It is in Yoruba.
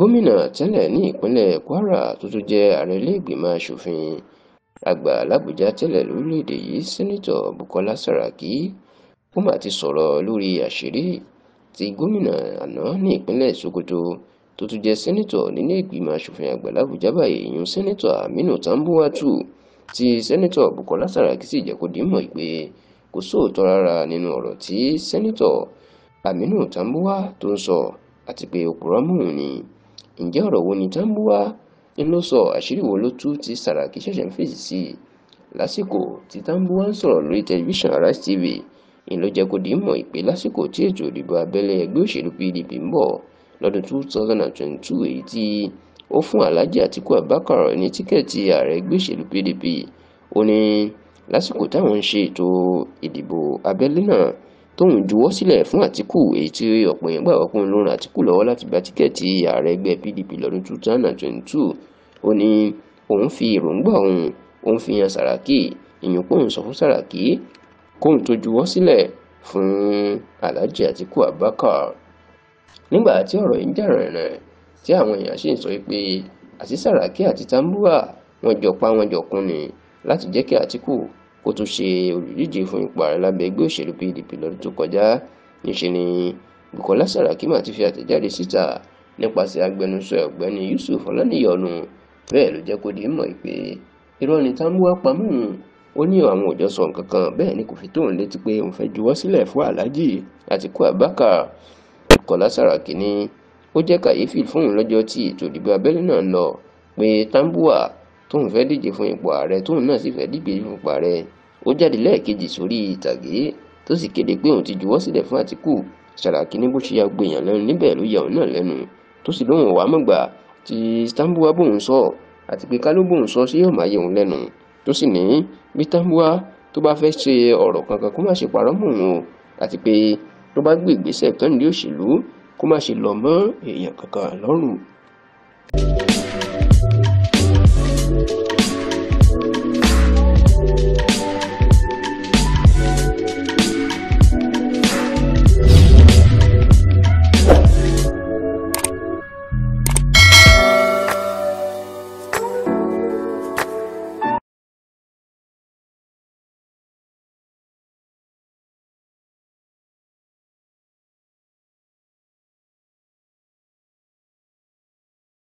gómìnà tẹ́lẹ̀ ní ìpínlẹ̀ kwara tó tún jẹ́ ààrẹ ilé-ìgbìmọ̀ asòfin àgbà làbújá tẹ́lẹ̀ lórílẹ̀‐èdè yìí sẹ́nitọ̀ bukola saraki ó mà ti sọ̀rọ̀ lórí àṣírí tí gómìnà àná ní ìpínlẹ̀ sokoto tó tún jẹ́ sẹ́nitọ̀ nílé ìgbìmọ̀ asòfin àgbà làbújá báyìí ìyún sẹ́nitọ̀ aminu tambuwatu tí sẹ́nitọ̀ bukola saraki sì jẹ́ kó dì í mọ̀ pé kò sóòótọ́ rárá nínú ọ̀rọ̀ tí sẹ́nitọ̀ aminu tambuwa tó ń sọ àti pé òpùrọ́ mùn ni ǹjẹ́ ọ̀rọ̀ wo ni Tambuwa ń ló sọ àṣírí wo ló tú tí Sàràkí ṣẹ̀ṣẹ̀ ń fèsì sí i lásìkò tí Tambuwa ń sọ̀rọ̀ lórí tẹlifíṣàn Arise TV ń ló jẹ́ kó di mọ̀ pé lásìkò tí ètò ìdìbò abẹ́lé ẹgbẹ́ òṣèlú PDP ń bọ̀ lọ́dún 2022 èyí tí ó fún Alhaji Atiku Abubakar ní tíkẹ́ẹ̀tì ààrẹ ẹgbẹ́ òṣèlú PDP ó ní lásìkò táwọn ń ṣe ètò ìdìbò abẹ́lé náà tóun juwọ́ sílẹ̀ fún Àtíkù èyí tí ọ̀pọ̀ èèyàn gbàgbọ́ pé òun ló ran Àtíkù lọ́wọ́ láti gba tíkẹ́ẹ̀tì ààrẹ ẹgbẹ́ PDP lọ́dún 2022 ó ní òun fi èròǹgbà òun òun fi hàn Sàràkí ìyẹn pé òun sọ fún Sàràkí kóun tó juwọ́ sílẹ̀ fún Alhaji Àtíkù Abubakar nígbà tí ọ̀rọ̀ yìí ń jà rìnrìn tí àwọn èèyàn sì ń sọ pé àti Sàràkí àti Tambuwa wọ́n jọ pa wọ́n jọ kún ni láti jẹ́ kí Àtíkù kó tún ṣe olùdíje fún ipò ààrẹ lábẹ́ ẹgbẹ́ òṣèlú PDP lọ́dún tó kọjá níṣe ni Bukola Saraki mà ti fi àtẹ̀jáde síta nípasẹ̀ agbẹnusọ ọ̀gbẹ́ni Yusuf Ọláníyọ̀nù bẹ́ẹ̀ ló jẹ́ kó di mọ̀ pé irọ́ ni Tambuwa pamọ́ ó ní àwọn òjò sọ nǹkan kan bẹ́ẹ̀ ni kò fi tóun létí pé òun fẹ́ juwọ́ sílẹ̀ fún Alhaji Atiku Abubakar Bukola Saraki ni ó jẹ́ kàyéfì fóun lọ́jọ́ tí ètò ìdìbò abẹ́lé náà lọ pé Tambuwa tóun fẹ́ díje fún ipò ààrẹ tóun náà sì fẹ́ díje fún ipò ààrẹ ó jáde lẹ́ẹ̀kejì sórí ìtàgé tó sì kéde pé òun ti juwọ́ sílẹ̀ fún Àtíkù Sàràkí ní bó ṣe ya gbèyàn lẹ́nu níbẹ̀ ló ya òun náà lẹ́nu tó sì lóun wàá mọ̀gbà tí Tambuwa bóun sọ àti pé ká ló bóun sọ sí yóò máa yẹ òun lẹ́nu tó sì ní bí Tambuwa tó bá fẹ́ ṣe ọ̀rọ̀ kankan kó má ṣe parọ́ mọ́ òun o àti pé tó bá gbé ìgbésẹ̀ kan òṣèlú kó má ṣe lọ mọ́ èèyàn kankan lọ́rùn. thank you Thank you.